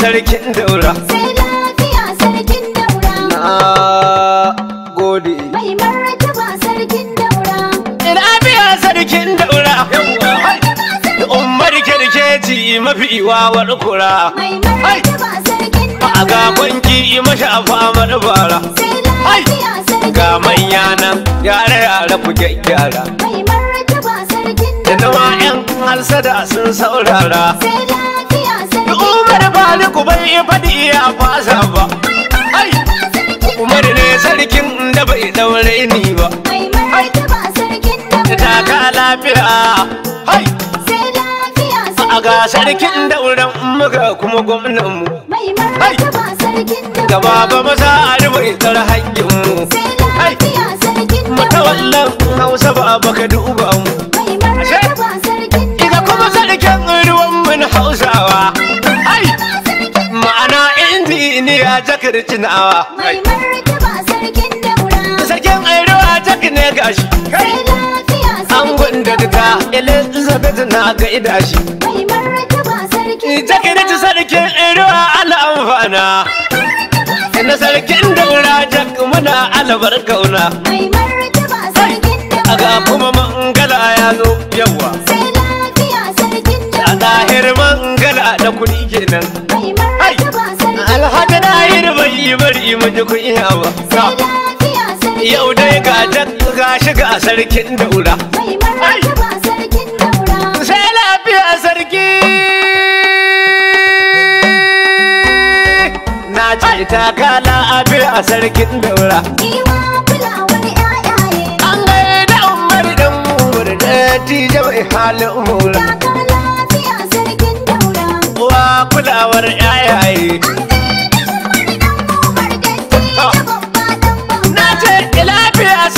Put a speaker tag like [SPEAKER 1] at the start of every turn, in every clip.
[SPEAKER 1] sarkin daura
[SPEAKER 2] sai lafiya sarkin daura
[SPEAKER 1] na
[SPEAKER 2] gode mai martaba sarkin daura ina sarkin daura mafi kura mai
[SPEAKER 1] sarkin daura sai
[SPEAKER 2] lafiya
[SPEAKER 1] ga manya nan yare yare ku gyaggyara mai sarkin daura da yan halsada sun saurara sai sani ku bai faɗi iya fasa ba ai umar ne sarkin da bai ɗaure ni ba ai ta
[SPEAKER 2] ta ka lafiya ai a ga sarkin
[SPEAKER 1] dauran muka kuma gwamnan mu ai gaba ba maza a rubai tsar hankin mu
[SPEAKER 2] ai matawallan
[SPEAKER 1] hausa ba baka duba mu ashe ina kuma sarkin ruwan mun hausawa ini a jakar cinawa
[SPEAKER 2] mai martaba sarkin daura sarkin airo a jak
[SPEAKER 1] ne gashi sai lafiya an gwanda ta elizabeth na ga ida shi mai martaba sarkin jakar ci sarkin airo a ala amfana na sarkin da daura jak muna alabar kauna mai martaba sarkin daura a ga kuma mangala ya zo yawa sai lafiya
[SPEAKER 2] sarkin daura a lahir
[SPEAKER 1] mangala da kuɗi kenan
[SPEAKER 2] mai alhaji na yi bari
[SPEAKER 1] bari mu ji kun yau dai ga ga shiga sarkin daura sai lafiya sarki na ce takala abi a sarkin daura
[SPEAKER 2] an gaida umar
[SPEAKER 1] dan umar da tije halin umar kulawar yayaye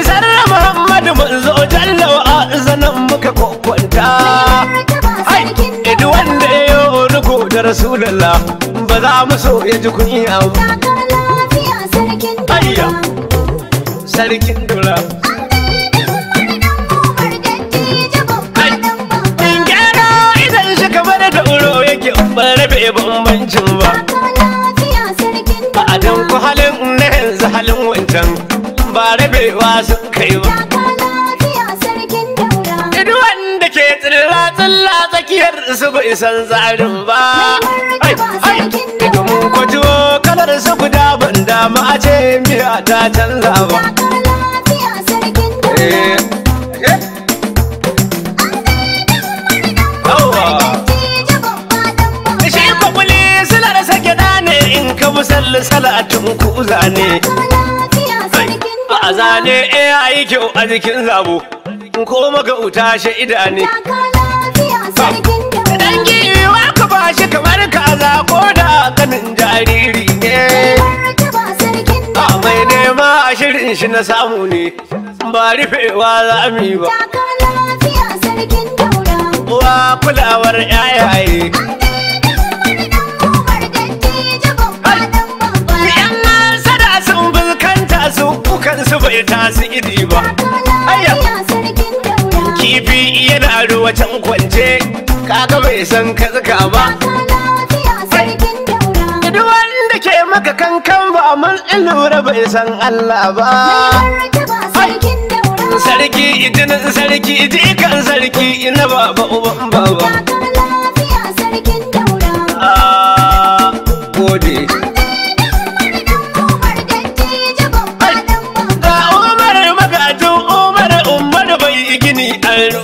[SPEAKER 1] isar muhammadu mun zo jalla wa zanen muka kwakwanta
[SPEAKER 2] ai idu wanda ya
[SPEAKER 1] yi da rasulallah ba za mu so ya ji kunya ba ayya sarkin dura bambancin ba ba a dan halin na yanzu halin wancan ba bai sun kai ba duk wanda ke tsilla tsilla tsakiyar su bai san tsarin ba ai kwajo kalar su guda ban dama a ce miya ta canza ba ne eh yi kyau a jikin zabo ko maka uta shi idane dangi wa ka ba shi kamar kaza ko da kanin jariri ne mai nema a shirin shi na samu ne ba rufewa za mu yi ba wa kulawar yayaye zo kukan su bai iri ba ayya kifi yana ruwa can kwance kaga bai san karka ba duk wanda ke maka kankan ba man lura bai san Allah ba sarki idinin sarki kan sarki ina ba uban baba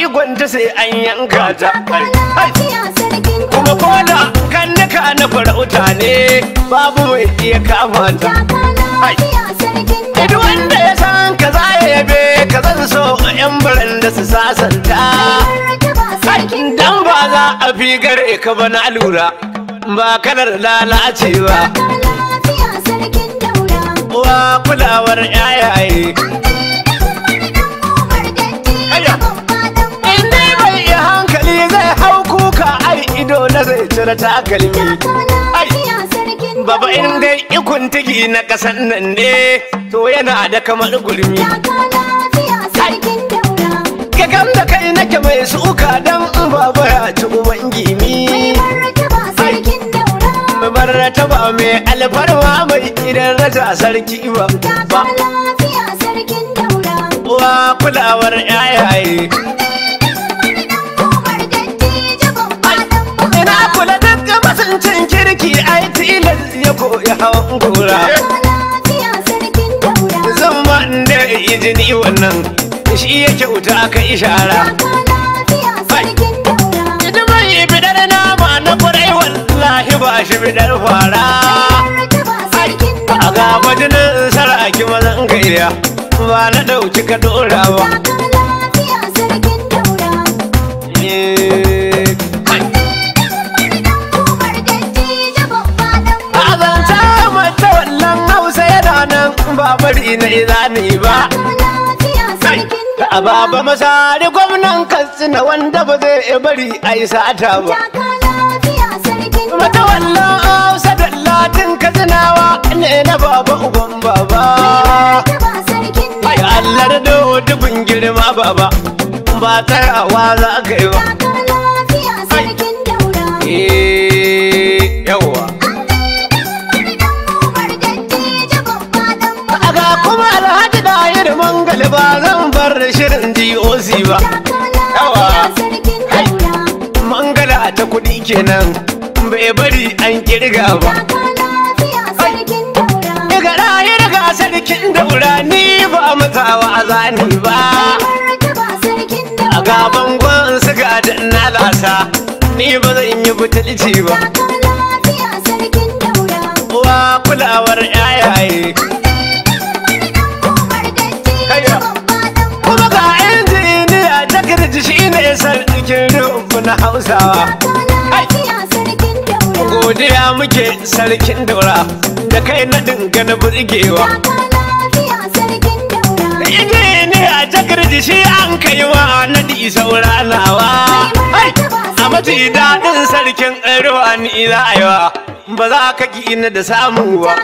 [SPEAKER 1] igon ta sai an yanka ta kuma koda kan naka na farauta ne babu mai iya kama ta duk wanda ya san ka za ya yabe ka zan so yan baran da su sasanta dan ba za a fi gare ka ba na lura ba kalar lalacewa wa kulawar yayaye na zai cire takalmi baba in dai ikun tigi na kasan nan ne to yana da kamar gurmi kakan da kai nake mai suka dan baba ya ci uban gimi barata ba mai alfarma mai idan raja sarki ba ba kula kulawar yayaye tilas ya koya hawan gora zan ma inda ya wannan shi ya kyauta aka ishara Jidiman yi bidar nama na kurai wallahi ba shi bidar fara a gaba jinin sarakin mazan gaiya ba na ɗauki ka dora ba ba bari na izani ba a baba masari gwamnan katsina wanda ba zai bari a yi sata ba mata wannan hausa da latin katsinawa ne na baba uban baba ai allar da dubin girma baba ba tarawa za ka yi ba yawa ba zan bar da shirin DOC ba. Yawa. Mangala ta kuɗi kenan bai bari an ƙirga ba. Daga raye daga sarkin daura ni ba mutawa a zani ba. A Ga gwan suka da na ni ba zan yi butulci ba. Wa kulawar yayaye. na hausawa godiya muke sarkin daura da kai na dinga na burgewa ije ne a takardi shi an kai wa nadi sauranawa a maji daɗin sarkin ruwa ni za a ba za ka ki ina da samu ba.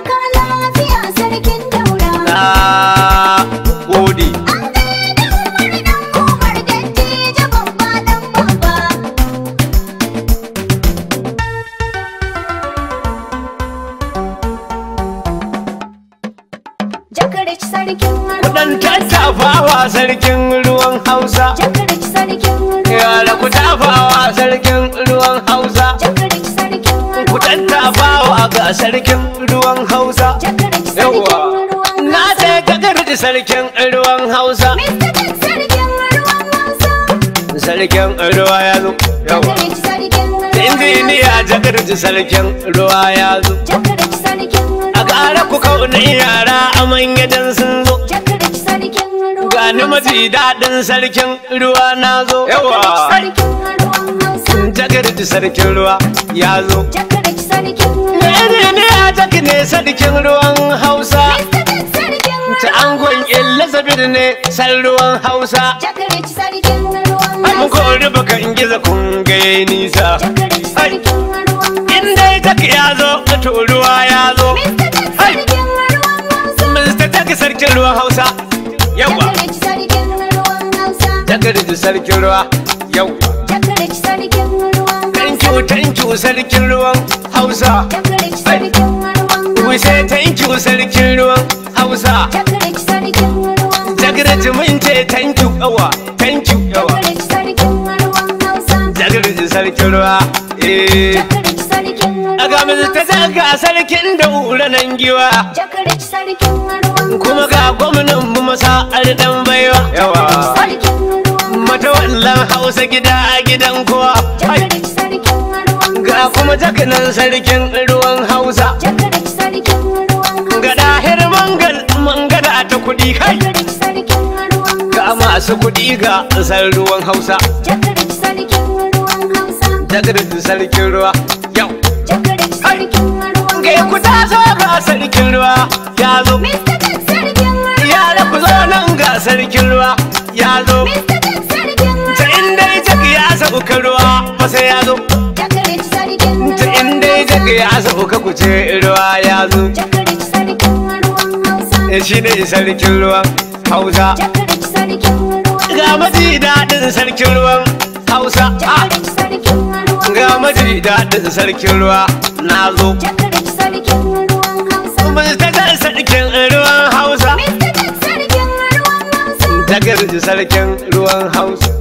[SPEAKER 1] Gode. sarkin ruwan Hausa. Yawwa. Na sai gagarji sarkin ruwan Hausa. Sarkin ruwa ya zo. Yawwa.
[SPEAKER 2] Injiniya
[SPEAKER 1] jagarji sarkin ruwa ya zo. A ƙara ku kauna yara a manyan sun zo.
[SPEAKER 2] Gani maji
[SPEAKER 1] daɗin sarkin ruwa na zo. Yawwa. Jagarji sarkin ruwa ya zo.
[SPEAKER 2] Injiniya
[SPEAKER 1] take ne sarkin ruwan Hausa. Ta angon Elizabeth ne san ruwan Hausa. An kori baka ingiza kun gaye nisa. In dai take ya zo, to ruwa ya zo. Mr. Take sarkin ruwan Hausa. Yawa. Take sarkin ruwa. Yawa. you thank you sarkin ruwan hausa we say thank you sarkin ruwan hausa jagiraji mun ce thank you thank you sarkin ruwa eh ga ta zaga sarkin da ura nan giwa kuma ga gwamnan mu masa'ar dan baiwa
[SPEAKER 2] sarkin
[SPEAKER 1] Mata matawallan hausa gida a gidan kowa ga kuma jakanan sarkin ruwan hausa
[SPEAKER 2] ga ɗahir mangal
[SPEAKER 1] mangada ta kudi kai ga masu kudi ga san ruwan hausa jakadan sarkin ruwa yau ga kuta zo ga sarkin ruwa ya zo yara ku zo nan ga sarkin ruwa ya zo sai ya zo
[SPEAKER 2] ta
[SPEAKER 1] inda ya jaga ya sauka ku kuce ruwa ya zo ya eh, shi ne sarkin ruwan hausa ga maji daɗin sarkin ruwan hausa ah, ga maji daɗin sarkin ruwa na zo Mr. Sarkin Sarkin ruwan hausa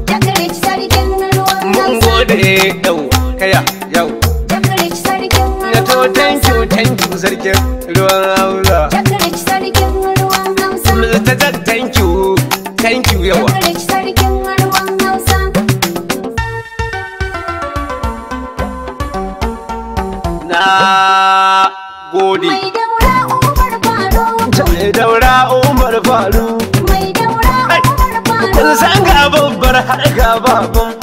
[SPEAKER 1] daɗe yau kaya yau
[SPEAKER 2] na
[SPEAKER 1] to thank you thank you sarkin ruwan hausa. ta ta thank you thank you yawa na gode daura umar faru kun san ga babbar har ga babban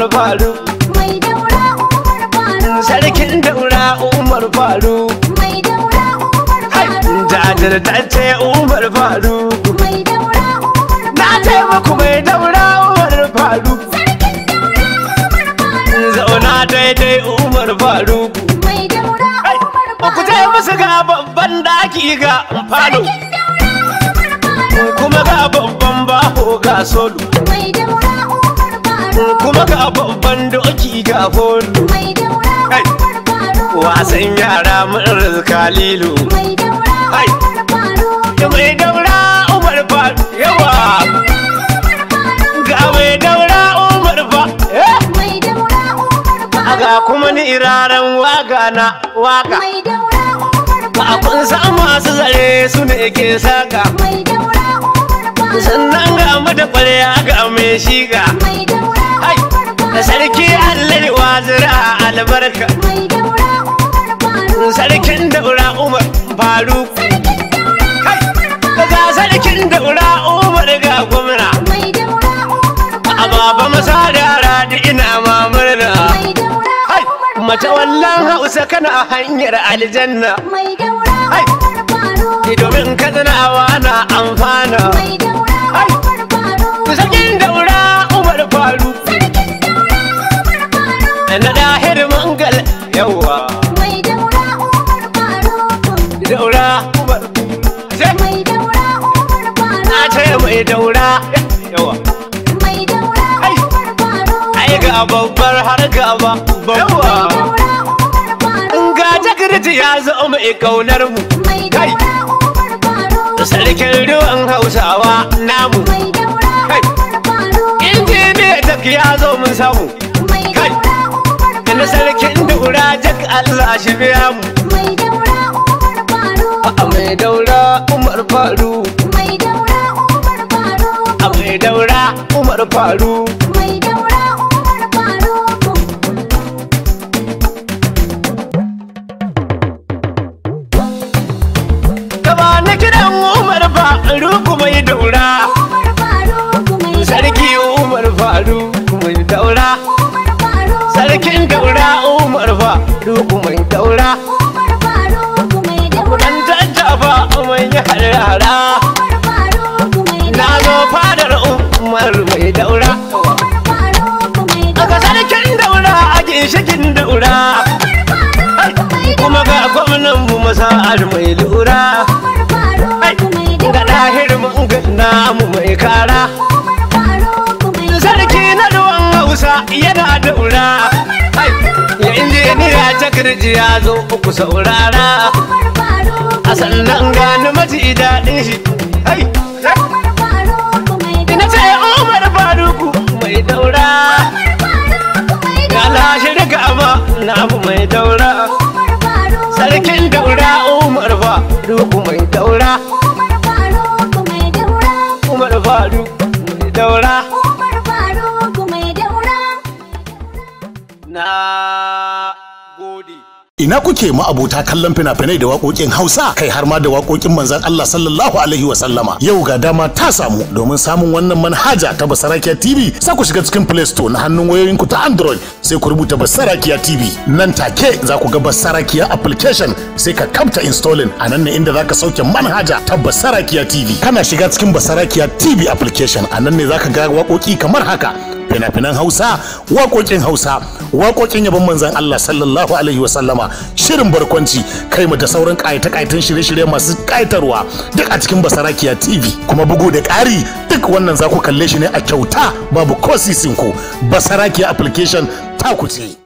[SPEAKER 1] umar faru mai daura
[SPEAKER 2] umar faru sarkin daura
[SPEAKER 1] umar faru mai daura
[SPEAKER 2] umar
[SPEAKER 1] faru ce umar faru mai daura umar faru na taimako mai daura umar faru sarkin daura umar faru zauna daidai umar faru mai daura umar faru ku je musu ga babban daki ga falo kuma ga babban baho ga solo
[SPEAKER 2] mai daura
[SPEAKER 1] umar kuma ga babban doki ga foru wasan yara murar kalilu mai daura umar faru yawa ga mai daura umar
[SPEAKER 2] faru
[SPEAKER 1] ga kuma ni iraren waga na waga ba kun san masu zare su ne ke saka sannan ga mata kwarya ga mai shiga sarki allar wazira albarka sarkin daura umar faru ga sarkin daura umar ga gwamna a baba masa yara da ina mamurna mace wallan hausa kana a hanyar aljanna domin kazanawa na amfana sarkin daura umar faru na dahir mangal yawa
[SPEAKER 2] mai daura umar faruku
[SPEAKER 1] daura umar
[SPEAKER 2] mai daura
[SPEAKER 1] umar faruku na ce mai daura yawa
[SPEAKER 2] mai daura umar
[SPEAKER 1] faruku ai ga babbar har gaba babba ga jagirji ya zo mai kaunar mu kai sarkin ruwan hausawa namu kai injiniyar ya zo mun samu wani sarkin daura jak Allah shi biya mu mai daura umar faru
[SPEAKER 2] mai daura umar faru
[SPEAKER 1] mai daura umar faru mai daura umar faru lura kuma ga gwamnan mu masa'ar mai lura ga ɗahir mun gana mu mai kara sarki na ruwan hausa yana daura
[SPEAKER 2] ya injiniya
[SPEAKER 1] ta kirji ya zo uku saurara a sannan gani maji daɗin shi ina ce umar faruku mai daura ga lashe abu mai daura
[SPEAKER 2] sarkin daura
[SPEAKER 1] umar ba ruku mai daura ina kuke ma'abota kallon fina-finai da waƙoƙin Hausa kai har ma da waƙoƙin manzan Allah sallallahu alaihi wa sallama yau ga dama ta samu domin samun wannan manhaja ta Basarakiya TV Sa ku shiga cikin Play Store na hannun wayoyinku ta Android sai ku rubuta Basarakiya TV nan take za ku ga Basarakiya application sai ka kamta installing a nan ne inda za ka sauke manhaja ta Basarakiya TV kana shiga cikin Basarakiya TV application a nan ne za ka ga waƙoƙi kamar haka fina-finan hausa waƙoƙin hausa waƙoƙin yabon manzan allah sallallahu alaihi wasallama shirin barkwanci kai mu da sauran ƙayata-ƙayatan shirye-shirye masu ƙayatarwa duk a cikin basarakiya tv kuma bugu da ƙari duk wannan za ku kalle shi ne a kyauta babu ko ku basarakiya application ta ku ce